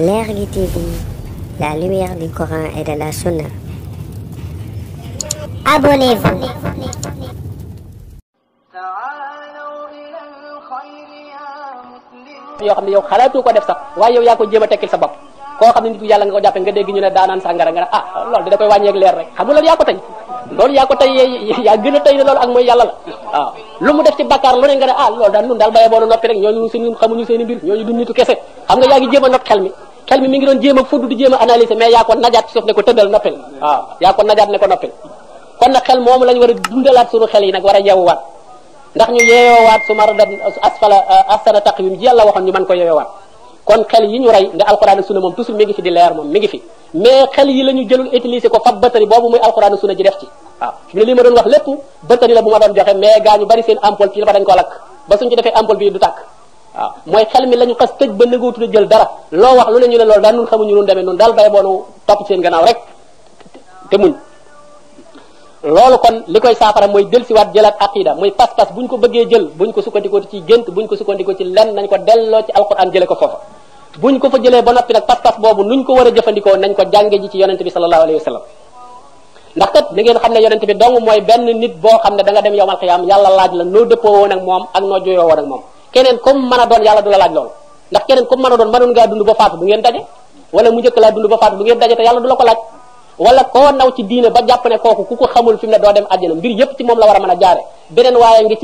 L'Ergue TV, la lumière du Coran et de la Sunna. Abonnez-vous. yoo xam yow xalaatu ko def sax waaye yow yaa ko jéem a sa bopp koo xam nit yàlla nga ko nga ñu ne nga ah loolu da koy wàññeeg leer rek xam nga loolu ko tey loolu yaa ko tey yaa gën a tey ak la ah, lu mu def ci lu ne nga ah loolu daal nun daal bayee boona noppi rek ñooñu suñu seen du nitu xam nga not xel mi xel mi mi ngi doon jéem a fudd di jéem a mais yaa ko najaat ci suuf ne ko tëddal noppil waaw yaa ko najaat ne ko noppil kon nag xel moomu la war a dundalaat suñu xel yi nag war a yeewuwaat ndax ñu yeewoowaat su mar dan asfala eh, asfala taqwim ji yàlla waxoon ñu mën ko yeewoowaat kon xel yi ñu rey nda alquran ak moom toujours mi ngi fi di leer moom mi ngi fi mais xel yi la jëlul utiliser ko fab batari boobu muy alquran ak ji def ci waaw waaw mooy xel mi la ñu xas tëj ba nangootu jël dara loo wax lu ne ñu ne loolu daal nun xamuñu nun demee nun daal bay boonu topp seen gannaaw rek te muñ loolu kon li koy saafara mooy jël jëlaat aqida mooy pas-pas bu ñu ko bëggee jël bu ñu ko sukkandikoo ci gént bu ñu ko sukkandikoo ci lenn nañ ko delloo ci alquran jële ko foofa bu ñu ko fa jëlee ba noppi nag pas-pas boobu nuñ ko war a jëfandikoo nañ ko jànge ji ci yonente bi sallallahu alayhi wa sallam ndax kat da xam ne yonente bi dong mooy benn nit boo xam ne da nga dem yowmal qiyaam yàlla laaj la noo dëppoo woon ak moom ak noo juyoo woon keneen comme mën a doon yàlla du la laaj loolu ndax keneen comme mën a doon mënoon ngaa dund ba faatu du ngeen daje wala mu njëkk laa dund ba faatu du ngeen daje te yàlla du la ko laaj wala koo naw ci diine ba jàpp ne kooku ko xamul moom la a mën a jaare beneen waaye du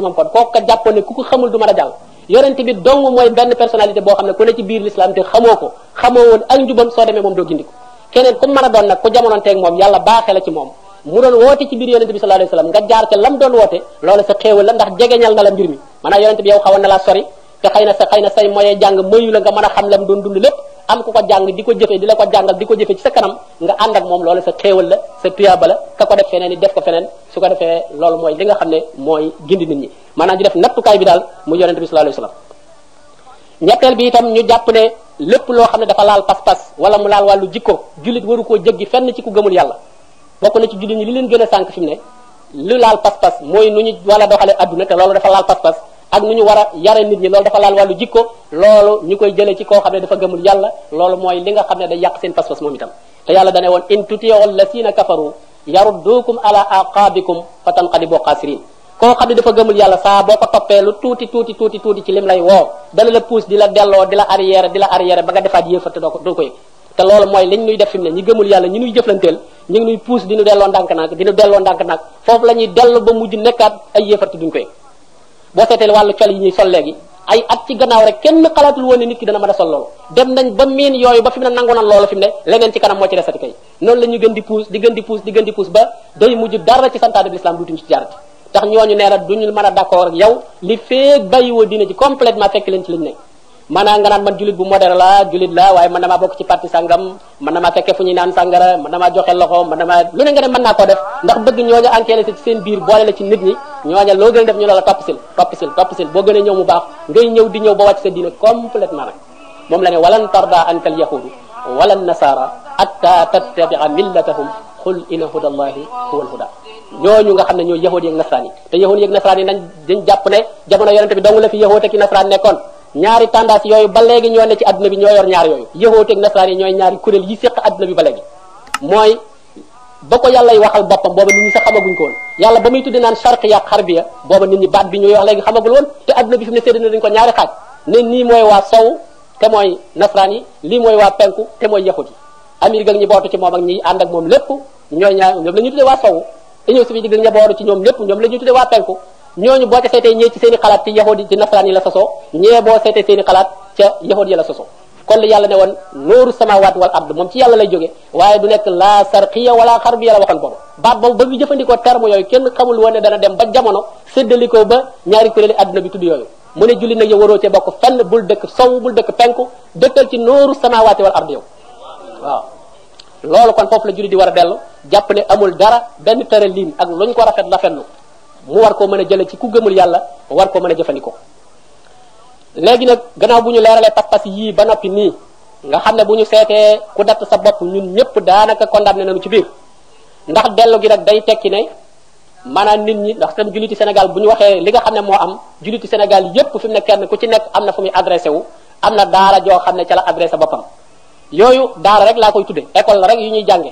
mën a jàll yonent bi dong mooy benn personnalité boo xam ne ku ne ci biir lislaam te xamoo ko xamoo woon ak njubam soo demee moom doo gindiko keneen ku mën a doon nag ku jamonoonteeg moom yàlla baaxee la ci moom mu doon woote ci biir yonente bi sallallahu alayhi wasallam nga jaar ca lam doon woote loolu sa xéewal la na la mbir mi maanaam yonente bi yow xawoon na la sori te xëy na sa xëy na say moye jàng mayu la nga mën a xam lam doon dund lépp am ku ko jàng di ko jëfe di la ko jàngal di ko jëfe ci sa kanam nga ànd ak moom loolu sa xéewal la sa tuyaaba la ka ko def feneen i def ko feneen su ko defee loolu mooy li nga xam ne mooy gindi nit ñi maanaam di def nattukaay bi daal mu yonente bi sallallahu alayhi wasallam ñetteel bi itam ñu jàpp ne lépp loo xam ne dafa laal pas-pas wala mu laal wàllu jikko jullit waru koo jéggi fenn ci ku gëmul yàlla bokk na ci jullit ñi li leen gën a sànq fi mu ne lu laal pas-pas mooy nu ñu wala doxale adduna te loolu dafa laal pas-pas ak nu ñu war a yare nit ñi loolu dafa laal wàllu jikko loolu ñu koy jëlee ci koo xam ne dafa gëmul yàlla loolu mooy li nga xam ne day yàq seen pas-pas moom itam te yàlla dane woon in tuti'u allasina kafaru yaruddukum ala aqabikum fa tanqalibu xaasirin koo xam ne dafa gëmul yàlla saa boo ko toppee lu tuuti tuuti tuuti tuuti ci lim lay woo dala la di la delloo di la arrière di la arrière ba nga defaat yéefarte doo ko ko yëg te loolu mooy liñ nuy def fi ne ñi gëmul yàlla ñi nuy jëflanteel ñu ngi nuy pousse di nu delloo ndànk nag di nu delloo ndànk nag foofu la ñuy dellu ba mujj nekkaat ay yéefarte duñ ko yëg boo seetee wàllu col yi ñuy sol léegi ay at ci gannaaw rek kenn xalaatul woon ne nit ki dana mën a sol loolu dem nañ ba miin yooyu moo ci desati kay noonu la ñuy gën di pousse di gën bi lislaam duutuñ tax ñooñu nee na duñu mën a d' accord ak yow li feeg bàyyiwoo diine ji complètement fekk leen ci liñ ne maanaa nga naan man julit bu moderne la julit la waaye man damaa bokk ci parti sangam man damaa fekke fu ñuy naan sangara man damaa joxe loxo man damaa lu ne nga ne mën naa koo def ndax bëgg ñooñu enquêté ci seen biir boole la ci nit ñi ñooña loo gën def ñu boo gën a ñëw mu baax ngay ñëw di ñëw ba wàcc sa diine complètement nag moom la ne walan tarda ankal yahudu walan nasara atta tattabi'a millatahum xul inna hudallahi huwal huda ñooñu nga xam ne ñooy yahood yeeg nasraan yi te yahood yeeg nasraan yi nañ dañ jàpp ne jamono yonente bi dong la fi yahood ak nasraan nekkoon ñaari tendance yooyu ba léegi ñoo ne ci adduna bi ñoo yor ñaar yooyu yahood ak nasraan yi ñooy ñaari kuréel yi séq adduna bi ba léegi mooy ba ko yàllay waxal boppam booba nit ñi sax xamaguñ ko woon yàlla ba muy tudde naan charq yaak xarbiya booba nit ñi baat bi ñuy wax léegi xamagul woon te adduna bi fi mu ne séddana dañ ko ñaari xaaj ne nii mooy waa sow te mooy nasraan yi lii mooy waa penku te mooy yahood amir gak ñi bootu ci moom ak ñi ànd ak moom lépp ñooy ñaar ñoom la ñu tuddee waa sowu te ñëw si bi jig ña bootu ci ñoom lépp ñoom la ñu tuddee waa penku ñooñu boo ca seetee ñee ci seen xalaat ci yahudi la sosoo kon li yàlla ne woon nooru samawaat wal ard moom ci yàlla lay jóge waaye du nekk laa la sarqiya wala xarbi yàlla waxoon boobu baat boobu ba ñu jëfandikoo terme yooyu kenn xamul woon ne dana dem ba jamono séddalikoo ba ñaari kuréeli adduna bi tudd yooyu mu ne julli nag yow waroo cee bokk fenn bul dëkk sow bul dëkk penku dëkkal ci nooru samawaati wal ard yow loolu kon foofu la julli di war a dellu jàpp ne amul dara benn tëralin ak lu ñu ko rafet rafetlu mu war koo mën a jële ci ku gëmul yàlla war koo mën a jëfandikoo léegi nag gannaaw bu ñu leeralee pas-pas yii ba noppi nii nga xam ne bu ñu seetee ku datt sa bopp ñun ñëpp daanaka ne nañu ci biir ndax dellu gi nag day tekki ne maanaam nit ñi ndax seen julliti Sénégal bu ñu waxee li nga xam ne moo am julliti Sénégal yépp fi mu ne kenn ku ci nekk am na fu muy adressé wu am na daara joo xam ne ca la adressé boppam yooyu daara rek laa koy tudde école la rek yu ñuy jànge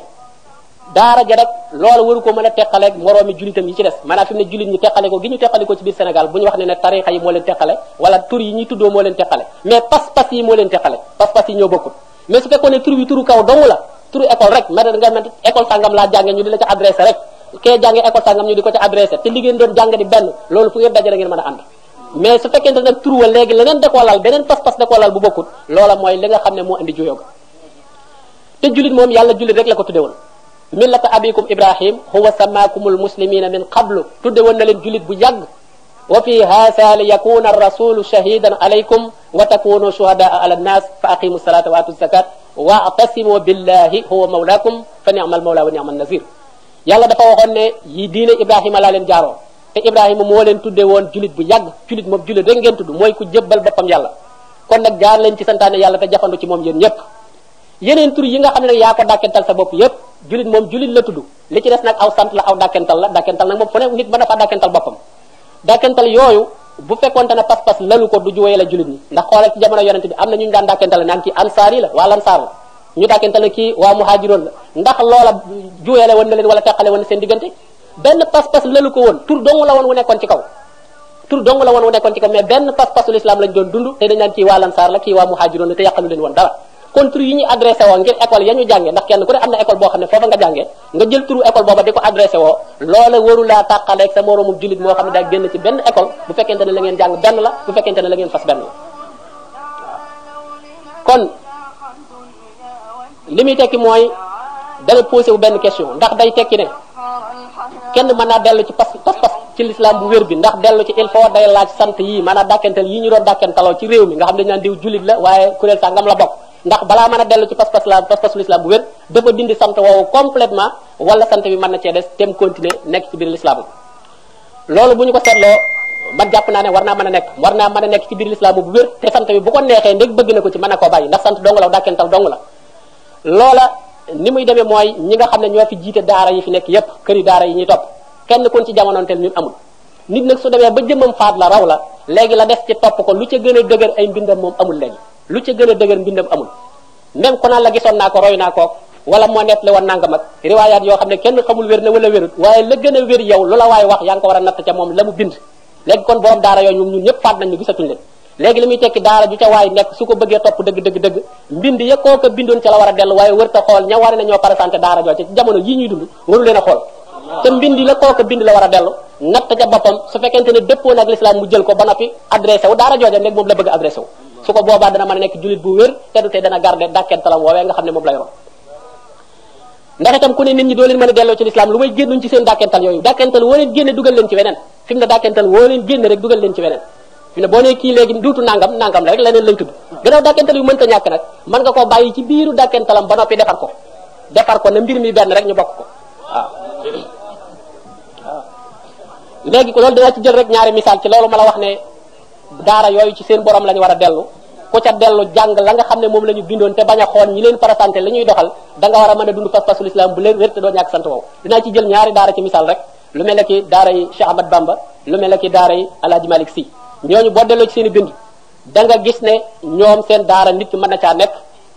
daara ja rek loola waru mën a teqaleeg moroomi jullitam yi ci des maanaam fi mu ne jullit ñi teqale ko gi ñu teqale ko ci biir Sénégal bu ñu wax ne ne tarixa yi moo leen teqale wala tur yi ñuy tuddoo moo leen teqale mais pas-pas yi moo leen teqale pas-pas yi ñoo bokkul mais su fekkoon ne tur bi turu kaw dong la turu école rek ma ne nga mel école sàngam laa jànge ñu di la ca adressé rek kee a ànd moo indi juyoo te julit moom yàlla julit rek la ko tudde millata abikum ibrahim huwa samaakumul muslimina min qablu tudde woon na leen julit bu yàgg wa fi haasa li yakuna arrasulu shahidan alaykum wa takunu shuhadaa ala annas fa aqimu salata wa atu zakat wa atasimu billahi huwa mawlakum fa ni'mal mawla wa ni'mal nasir yàlla dafa waxoon ne yi diine ibrahima laa leen jaaroo te ibrahima moo leen tudde woon julit bu yàgg julit moom julit rek ngeen tudd mooy ku jébbal boppam yàlla kon nag jaar leen ci santaane yàlla te jafandu ci moom yéen ñëpp yeneen tur yi nga xam ne nag yaa ko dàkkental sa bopp yépp julit moom julit la tudd li ci des nag aw sant la aw dàkkental la dàkkental nag moom fu ne nit mën na faa dàkkental boppam dàkkental yooyu bu fekkonte ne pas-pas lalu ko du juwee julit ñi ndax xoolal ci jamono yonente bi am na ñu ñu daan dàkkental naan kii ansaar la waa lansaar la ñu dàkkental ne kii waa muhaajiroon la ndax loola juwee woon na leen wala teqale woon na seen diggante benn pas contre yi ñu adressé woo ngir école ya ñu jàngee ndax kenn ku ne am na école boo xam ne foofa nga jàngee nga jël turu école booba di ko adressé woo loola waru laa tàqale ak sa moroomu julit moo xam ne daa génn ci benn école bu fekkente ne la ngeen jàng benn la bu fekkente ne la ngeen fas benn la kon li muy tekki mooy dana posé wu benn question ndax day tekki ne kenn mën naa dellu ci pas pas pas ci l'islam bu wér bi ndax dellu ci il faut day laaj sant yi maanaam dàkkental yi ñu doon ci réew mi nga xam naan diw julit la waaye kuréel sàngam la bokk ndax balaa mën a dellu ci pas-pas la pas-pasul islam bu wér dafa dindi sant woowu complètement wala sant bi mën na cee des tem continuer nekk ci biir l'islam loolu bu ñu ko seetloo man jàpp naa ne war naa mën a nekk war naa mën a nekk ci biir l'islam bu wér te sant bi bu ko neexee ndeg bëgg na ko ci mën na koo bàyyi ndax sant dong la dàkkental dong la loola ni muy demee mooy ñi nga xam ne ñoo fi jiite daara yi fi nekk yépp këri daara yi ñuy topp kenn kon ci jamonoonteel ñun amul nit nag su demee ba jëmmam faat la raw la léegi la des ci topp ko lu ca gën a ay mbindam moom amul léegi lu ca gën a dëgër mbindam amul même ku naan gisoon naa ko roy naa ko wala moo nekk le woon nangam ak riwaayaat yoo xam ne kenn xamul wér na wala wérut waaye la gën a wér yow lu wax yaa a natt ca moom la mu kon borom daara yooyu ñun ñëpp faat nañu gisatuñ leen léegi li muy ko bëggee topp dëgg dëgg dëgg mbind ya koo ko bindoon ca la war a dellu waaye wër ta xool ña la koo ko bind la boppam su fekkente ne dëppoo ak l'islam mu jël ko ba noppi adressé wu daara jooja nekk moom la bëgg adressé wu su ko boobaa dana mën a nekk jullit bu wér te du tey dana garder dàkkeentalam woowee nga xam ne moom la yoroon ndax itam ku ne nit ñi doo leen mën a delloo ci lislaam lu may génnuñ ci seen dàkkeental yooyu dàkkeental woo leen génne dugal leen ci weneen fi mu ne dàkkeental woo leen génne rek dugal leen ci weneen fi ne boo ne kii léegi duutu nangam nangam la rek leneen lay tudd gannaaw dàkkental yu mënta ñàkk nag mën nga koo bàyyi ci biiru dàkkentalam ba noppi defar ko defar ko na mbir mi benn rek ñu bokk ko waaw léegi ko loolu dinaa ci jël rek ñaari misaal la ñu war a dellu ku ca dellu jàng la nga xam ne moom la ñu bindoon te bañ a xool ñi leen parasanté la ñuy doxal da war a mën a dund pas-pasul islam bu leen wér te doo ñàkk sant wow dinaa ci jël ñaari daara ci misaal rek lu mel ne daara yi Cheikh Ahmad Bamba lu mel ne daara yi Alaaji Malik Si ñooñu boo delloo ci seen i bind da nga gis ne ñoom seen daara nit ki mën na nekk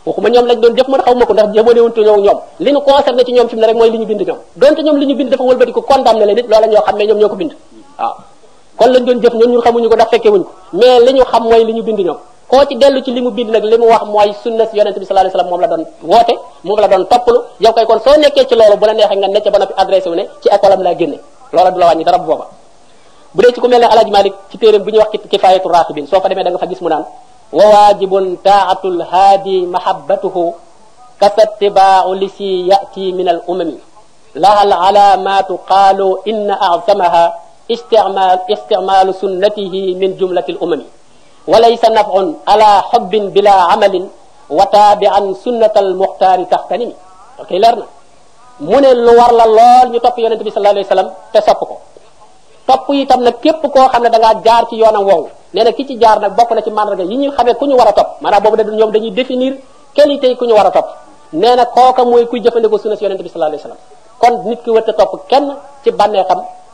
waxuma ñoom lañ doon jëf man xaw ko ndax jëmoonewuntu ñoo ñu concerné ci ñoom fi mu bind ñoom donte ñoom li ñu bind dafa xam ne ñoom ñoo ko bind koo ci dellu ci li mu nag li wax mooy sunna si yonente bi moom la doon woote moom la doon topplu yow kay kon soo nekkee ci loolu bu la neexee nga nekk ba noppi adressé wu ne ci école am laa génne loola du la wàññi dara bu booba bu dee ci ku mel ne Alaaji Malik ci téeréem bu ñuy wax ci kifaayatu raaqibin soo fa demee da nga fa gis mu naan wa waajibun taatul haadi mahabbatuhu kafattibaau li si yati istimaal istimaalu min jumlati l sa walaysa nafun ala xobbin bila amalin wa taabian sunnata almuxtaari taxtanimi ok leer na mu ne lu war la lool ñu topp yonente bi sallallahu alayhi wasallam te sopp ko topp itam nag képp koo xam ne danga ngaa jaar ci yoonam woowu nee na ki ci jaar nag bokk na ci mandarga yi ñu xamee ku ñu war a topp maanaam boobu da ñoom dañuy définir qualité yi ku ñu war a topp nee na kooka mooy kuy jëfandikoo sunna si yonente bi sallallahu alayhi wasallam kon nit ki wër te kenn ci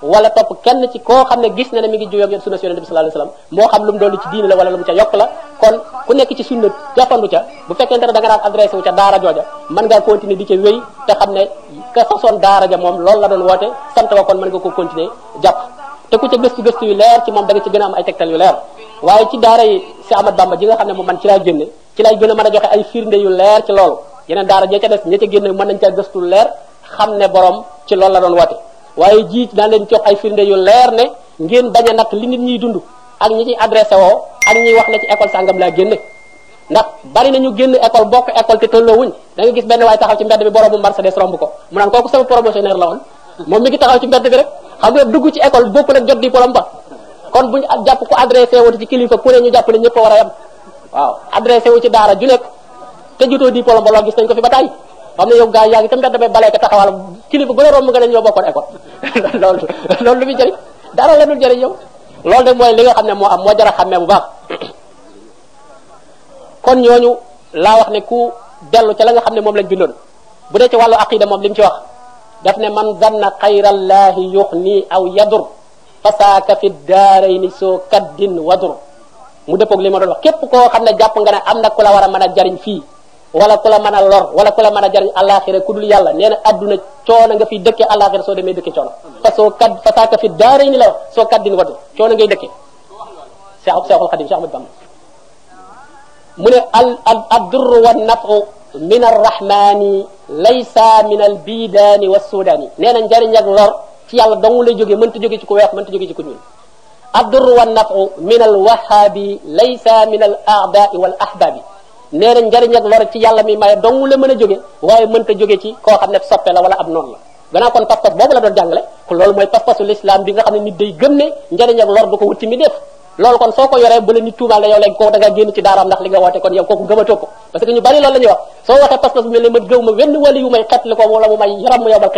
wala topp kenn ci koo xam ne gis na ne mi ngi juyoog yéen sunna si yonente bi sallallahu alayhi wasallam moo xam lu mu dolli ci diine la di ca wéy te xam ne loolu la doon woote sant ko kon mën nga ko continuer jàpp te ku ca gëstu gëstu yu leer ci moom da nga ci a am ay tegtal yu leer waaye ci daara yi si Ahmad Bamba ji nga xam ne moom man ci laa génne ci lay gën a mën a joxe ay firnde yu leer ci loolu yeneen daara ña ca des ña ca génne mën nañ ca gëstu leer xam ne borom ci loolu la doon waate waaye jiit daan leen jox ay firnde yu leer ne ngeen bañ a nag li nit ñiy dund ak ñi ci adressé woo ak ñi wax ne ci école sàngam laa génne ndax bari nañu génn école bokk école te tolloo wuñ da nga gis benn waay taxaw ci mbedd bi boroomu Mercedes romb ko mu naan kooku sama promotionnaire la woon moom mi ngi taxaw ci mbedd bi rek xam nga dugg ci école bokkul ak jot diplôme ba kon buñu jàpp ko adressé woo ci kilifa ku ne ñu jàpp ne ñëpp war a waaw adressé wu ci daara ju nekk te jutoo diplôme ba loo gis nañ ko fi ba xam ne yow gaa yaa ngi ca mbedd may balee ko taxawal kilifa gën a romb nga ne ñoo bokkoon école loolu loolu lu muy jëriñ dara la dul jëriñ yow loolu de mooy li nga xam ne moo am moo jar bu baax kon wax ne ku dellu ca la nga xam ne moom lañ bindoon bu dee ci wàllu aqida moom li mu ci wax daf ne man zanna xayrallaahi nii aw yadur fasaaka fi daarayni soo kaddin wadur mu dëppoog li ma doon wax képp koo xam ne jàpp nga ne am na ku la war a mën a jariñ fii wala ku la mën a lor wala ku la mën a jariñ àllaaxira ku dul yàlla nee na adduna coono nga fiy dëkkee àllaaxira soo demee dëkkee coono fa soo kad fa saaka fi daaray ni la soo kaddin wadu coono ngay dëkkee Seexu Seexul Xadim Seex Ahmadu Bamba mu ne al al addurru wa nafu min arrahmani laysa min al bidaani wa sudaani nee na njariñ ak lor ci yàlla dong lay jógee mënta jóge ci ku weex mënta jóge ci ku ñuul addurru wa nafu min al wahaabi laysa min al aadaai wal ahbaabi nee na njariñ ak lor ci yàlla mi maye dong mën a jóge waaye mënta jóge ci koo xam ne soppe la wala ab noonu la gannaaw kon pas boobu la doon jàngale ku loolu mooy pas-pasu l'islam bi nga xam ne nit day gëm ne lor du ko wuti mi def loolu kon soo ko yoree bu nit tuumaal la yow léegi kooku da ngaa ci daaraam ndax li nga woote kon yow kooku gëmatoo ko parce que ñu bari loolu la ñuy soo waxee pas mu may yaram mu yobal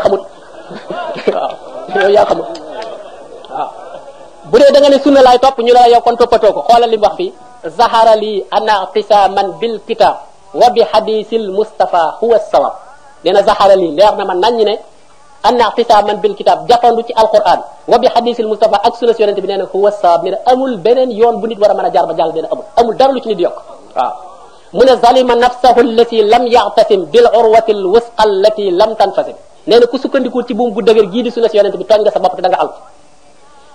xiyam ñu bu dee da nga ne sunna laay topp ñu la yow kon toppatoo ko xoolal li mu wax fi zahara lii anna tisaman bil kitab wa bi hadisil mustafa huwa sawab nee na zahara lii leer na ma naññ ne anna tisaman bil kitab jàppandu ci alquran wa bi hadisil mustafa ak sunna si yonente bi nee na huwa sawab nee na amul beneen yoon bu nit war a mën a jaar ba jàll nee na amul amul dara lu ci nit zalima nafsahu allati lam yaxtasim bil al wusqa allati lam tanfasim nee na ku sukkandikul ci buum bu dëgër gii di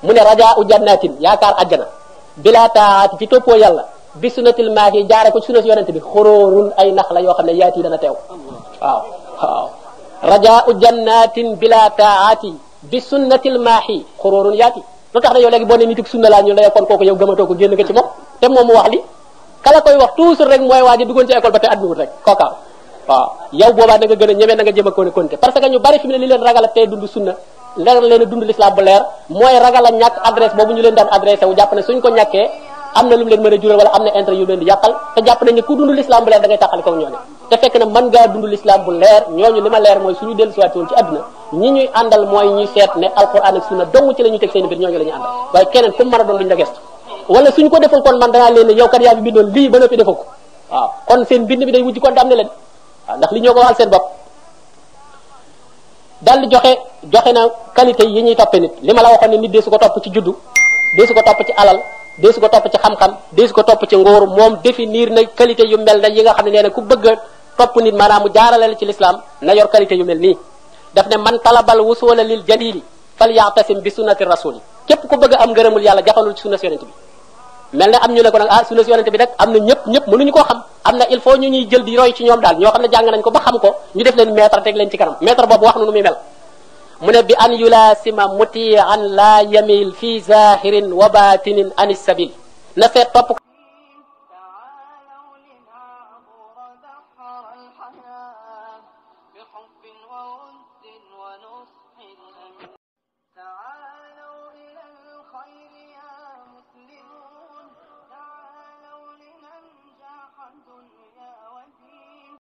mu ne rajaa u jannatin yaakaar àjjana bila taaati ci toppoo yàlla bi sunnatil maahi jaare ko ci sunnati yonente bi xoroorun ay nax la yoo xam ne yaati dana teew waaw waaw rajaa u jannatin bila taaati bi sunnatil maahi xoroorun yaati lu tax ne yow léegi boo ne nituk sunna laa ñu lay kon kooku yow gëmatoo ko génn nga ci moom te moom mu wax li kala koy wax toujours rek mooy waa ji duggoon ci école ba te admiwut rek kooka waaw yow boobaa na nga gën a ñemee na nga jëm a konte parce que ñu bari fi mu ne li leen ragal a tey dund sunna leer leen a dund l'islam bu leer mooy ragal a ñàkk adresse boobu ñu leen daan adressé wu jàpp ne suñ ko ñàkkee am na lu leen mën a jural wala am na intérêt yu leen di yàqal te jàpp nañ ne ku dund l'islam bu leer da ngay tàqali kaw ñooñu te fekk na mën ngaa dund l'islam bu leer ñooñu li ma leer mooy suñu dellu siwaat woon ci àdduna ñi ñuy àndal mooy ñuy seet ne alquran ak sunna dong ci la ñuy teg seen biir ñooñu la ñuy àndal waaye keneen fu mu mën a doon luñ la gestu wala suñ ko defal kon man danaa leen ne yow kat yaa fi bindoon lii ba noppi defal ko waaw kon seen bind bi day wujj kon am ne leen ndax li ñoo ko waxal seen bopp daal di joxe joxe na qualité yi ñuy toppee nit li ma la waxoon ne nit dee su ko topp ci juddu dee ko topp ci alal dee su ko topp ci xam-xam dee ko topp ci nguur moom définir na qualité yu mel na yi nga xam ne nee na ku bëgg a topp nit maanaam mu jaarale la ci l'islam na yor qualité yu mel nii daf ne man talabal wusula lil jalili fal ya'tasim bi sunnati rasuli képp ku bëgg am ngërëmul yàlla jafanul ci sunna yonent bi mel na am ñu ne ko nag ah sunna si yonente bi am na ñëpp ñëpp mënuñu koo xam am na il faut ñu ñuy jël di ci ñoom daal ñoo xam ne jàng ko ba xam ko ñu def leen maître teg leen ci kanam maître boobu wax na nu muy mu ne bi an yulaasima mutian la yamil fi zahirin wa batinin anis na seet topp